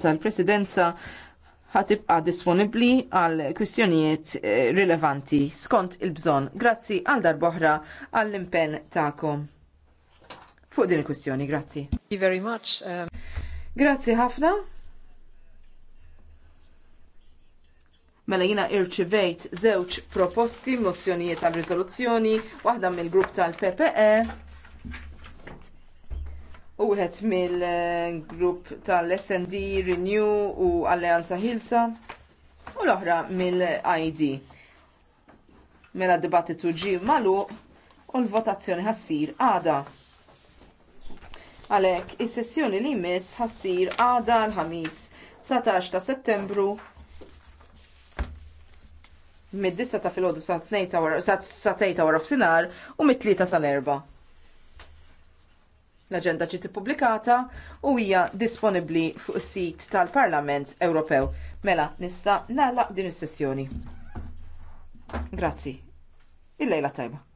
tal-Presidenza ħatibqa disponibbli għal kwistjonijiet eh, rilevanti skont il-bżonn. Grazzi għal darboħra għall impenn tagħkom. Fuq din il-kwistjoni, grazzi. Very much. Um, grazzi ħafna. Mela jina irċivejt żewġ proposti mozzjonijiet tal riżoluzzjoni waħda mill-grupp tal-PPE u wieħed mill-grupp tal-SND Renew u Alleanza Hilsa u l-oħra mill-ID. Mela dibattitu ġie magħluq u l-votazzjoni ħassir għada. Għalhekk is-sessjoni li jmiss ħassir għada l-ħamis 19 ta' settembru mid-9 ta' filgħodu sa' 2 ta' wara f'sinar u mit-3 sal erba L-aġenda ġiet ippubblikata u hija disponibbli fuq is-sit tal-Parlament Ewropew. Mela, nista' nagħlaq din is-sessjoni. Grazzi. Il-lejla tajba.